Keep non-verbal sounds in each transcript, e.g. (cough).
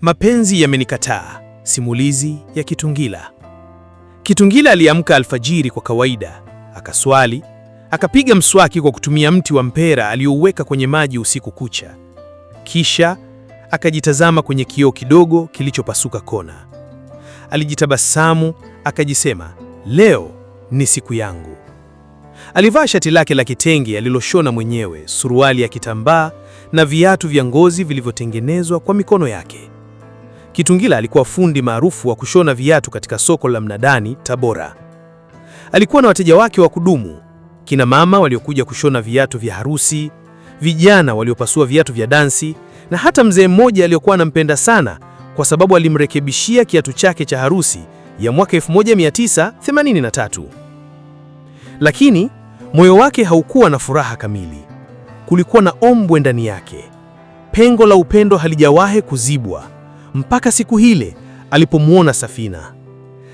Mapenzi yamenikataa, simulizi ya Kitungila. Kitungila aliamka alfajiri kwa kawaida, akaswali, akapiga mswaki kwa kutumia mti wa mpera aliouweka kwenye maji usiku kucha. Kisha akajitazama kwenye kioo kidogo kilichopasuka kona. Alijitabasamu, akajisema, leo ni siku yangu. Alivaa shati lake la kitenge aliloshona mwenyewe, suruali ya kitambaa na viatu vya ngozi vilivyotengenezwa kwa mikono yake. Kitungila alikuwa fundi maarufu wa kushona viatu katika soko la Mnadani, Tabora. Alikuwa na wateja wake wa kudumu, kina mama waliokuja kushona viatu vya harusi, vijana waliopasua viatu vya dansi na hata mzee mmoja aliyokuwa anampenda sana kwa sababu alimrekebishia kiatu chake cha harusi ya mwaka 1983. Lakini moyo wake haukuwa na furaha kamili. Kulikuwa na ombwe ndani yake, pengo la upendo halijawahi kuzibwa mpaka siku ile alipomwona Safina.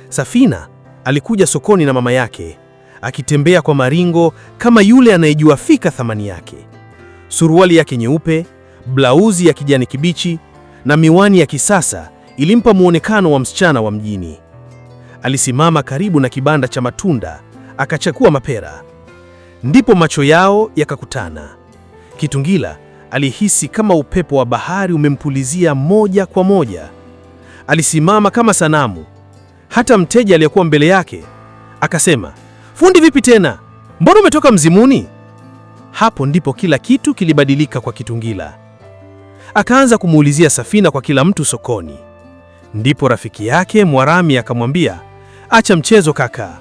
Safina alikuja sokoni na mama yake akitembea kwa maringo kama yule anayejua fika thamani yake. Suruali yake nyeupe, blauzi ya kijani kibichi na miwani ya kisasa ilimpa muonekano wa msichana wa mjini. Alisimama karibu na kibanda cha matunda akachakua mapera, ndipo macho yao yakakutana. Kitungila Alihisi kama upepo wa bahari umempulizia moja kwa moja. Alisimama kama sanamu. Hata mteja aliyekuwa mbele yake akasema, fundi, vipi tena? Mbona umetoka mzimuni? Hapo ndipo kila kitu kilibadilika kwa Kitungila. Akaanza kumuulizia safina kwa kila mtu sokoni. Ndipo rafiki yake Mwarami akamwambia, acha mchezo kaka,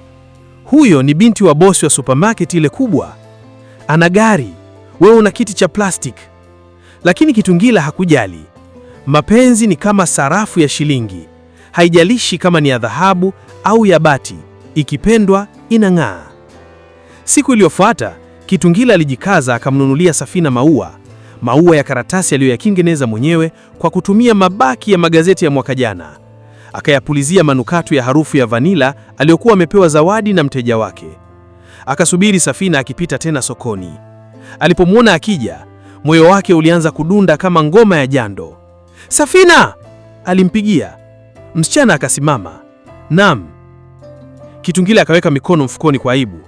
huyo ni binti wa bosi wa supermarket ile kubwa, ana gari, wewe una kiti cha plastiki. Lakini Kitungila hakujali. Mapenzi ni kama sarafu ya shilingi, haijalishi kama ni ya dhahabu au ya bati, ikipendwa inang'aa. Siku iliyofuata Kitungila alijikaza akamnunulia Safina maua, maua ya karatasi aliyoyakingeneza mwenyewe kwa kutumia mabaki ya magazeti ya mwaka jana. Akayapulizia manukato ya harufu ya vanila aliyokuwa amepewa zawadi na mteja wake. Akasubiri Safina akipita tena sokoni. Alipomwona akija Moyo wake ulianza kudunda kama ngoma ya jando. Safina, alimpigia msichana. Akasimama. Naam. Kitungile akaweka mikono mfukoni kwa aibu.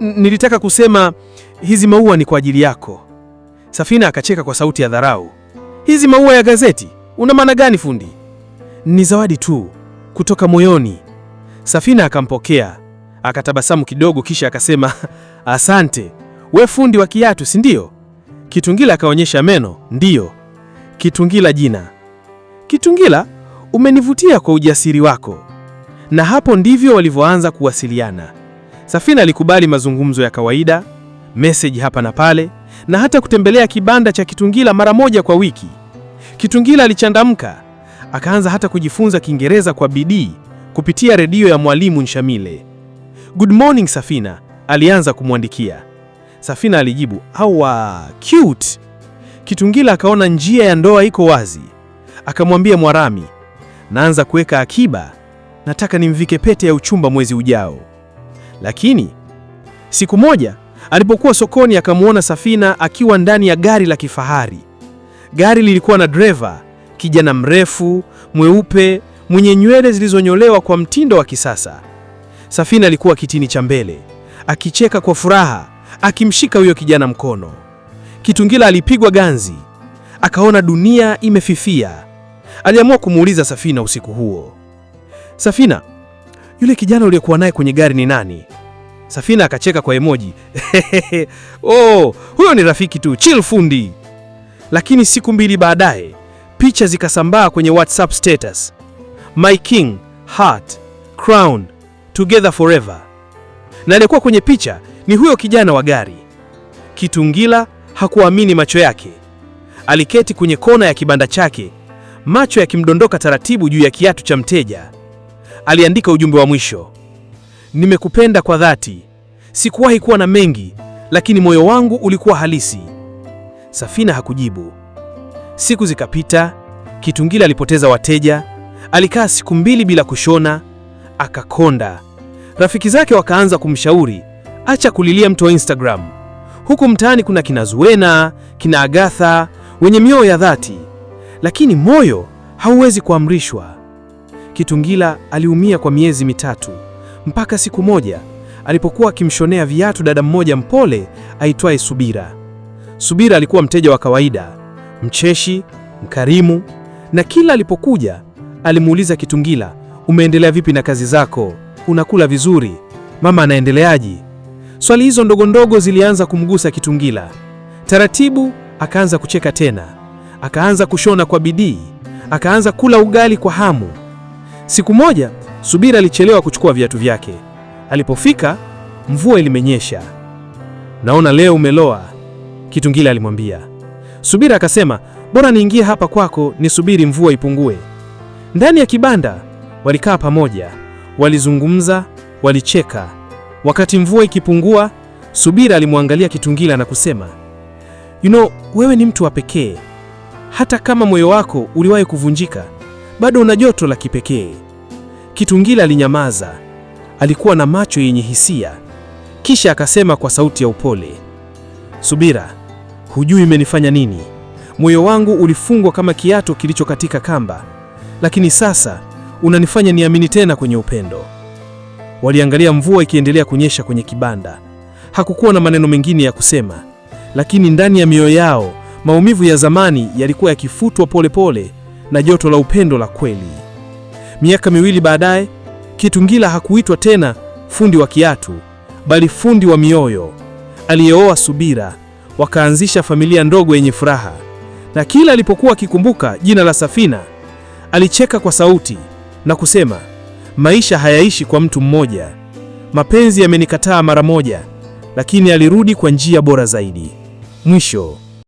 Nilitaka kusema hizi maua ni kwa ajili yako. Safina akacheka kwa sauti ya dharau. Hizi maua ya gazeti, una maana gani fundi? Ni zawadi tu kutoka moyoni. Safina akampokea akatabasamu kidogo, kisha akasema (laughs) asante. We fundi wa kiatu, si ndio? Kitungila akaonyesha meno. Ndiyo, Kitungila jina. Kitungila, umenivutia kwa ujasiri wako. Na hapo ndivyo walivyoanza kuwasiliana. Safina alikubali mazungumzo ya kawaida, meseji hapa na pale, na hata kutembelea kibanda cha Kitungila mara moja kwa wiki. Kitungila alichangamka, akaanza hata kujifunza Kiingereza kwa bidii kupitia redio ya mwalimu Nshamile. Good morning Safina, alianza kumwandikia. Safina alijibu awa, cute. Kitungila akaona njia ya ndoa iko wazi, akamwambia Mwarami, naanza kuweka akiba, nataka nimvike pete ya uchumba mwezi ujao. Lakini siku moja alipokuwa sokoni, akamwona Safina akiwa ndani ya gari la kifahari. Gari lilikuwa na dreva kijana mrefu mweupe mwenye nywele zilizonyolewa kwa mtindo wa kisasa. Safina alikuwa kitini cha mbele akicheka kwa furaha akimshika huyo kijana mkono. Kitungila alipigwa ganzi, akaona dunia imefifia. Aliamua kumuuliza Safina usiku huo, Safina, yule kijana uliyokuwa naye kwenye gari ni nani? Safina akacheka kwa emoji (laughs) oh, huyo ni rafiki tu, chill fundi. Lakini siku mbili baadaye picha zikasambaa kwenye WhatsApp status, my king heart crown together forever, na aliyekuwa kwenye picha ni huyo kijana wa gari. Kitungila hakuamini macho yake. Aliketi kwenye kona ya kibanda chake, macho yakimdondoka taratibu juu ya kiatu cha mteja. Aliandika ujumbe wa mwisho: nimekupenda kwa dhati, sikuwahi kuwa na mengi, lakini moyo wangu ulikuwa halisi. Safina hakujibu. Siku zikapita. Kitungila alipoteza wateja, alikaa siku mbili bila kushona, akakonda. Rafiki zake wakaanza kumshauri Acha kulilia mtu wa Instagram. Huku mtaani kuna kina Zuena, kina Agatha wenye mioyo ya dhati, lakini moyo hauwezi kuamrishwa. Kitungila aliumia kwa miezi mitatu mpaka siku moja alipokuwa akimshonea viatu dada mmoja mpole aitwaye Subira. Subira alikuwa mteja wa kawaida, mcheshi, mkarimu, na kila alipokuja alimuuliza Kitungila, umeendelea vipi na kazi zako? Unakula vizuri? Mama anaendeleaje? Swali hizo ndogo ndogo zilianza kumgusa Kitungila. Taratibu akaanza kucheka tena, akaanza kushona kwa bidii, akaanza kula ugali kwa hamu. Siku moja Subira alichelewa kuchukua viatu vyake. Alipofika mvua ilimenyesha. Naona leo umeloa, Kitungila alimwambia Subira. Akasema bora niingie hapa kwako nisubiri mvua ipungue. Ndani ya kibanda walikaa pamoja, walizungumza, walicheka. Wakati mvua ikipungua, Subira alimwangalia Kitungila na kusema, you know, wewe ni mtu wa pekee. Hata kama moyo wako uliwahi kuvunjika, bado una joto la kipekee. Kitungila alinyamaza, alikuwa na macho yenye hisia, kisha akasema kwa sauti ya upole, Subira, hujui imenifanya nini. Moyo wangu ulifungwa kama kiato kilichokatika kamba, lakini sasa unanifanya niamini tena kwenye upendo. Waliangalia mvua ikiendelea kunyesha kwenye kibanda. Hakukuwa na maneno mengine ya kusema, lakini ndani ya mioyo yao maumivu ya zamani yalikuwa yakifutwa polepole na joto la upendo la kweli. Miaka miwili baadaye, Kitungila hakuitwa tena fundi wa kiatu, bali fundi wa mioyo aliyeoa Subira. Wakaanzisha familia ndogo yenye furaha, na kila alipokuwa akikumbuka jina la Safina alicheka kwa sauti na kusema Maisha hayaishi kwa mtu mmoja. Mapenzi yamenikataa mara moja, lakini alirudi kwa njia bora zaidi. Mwisho.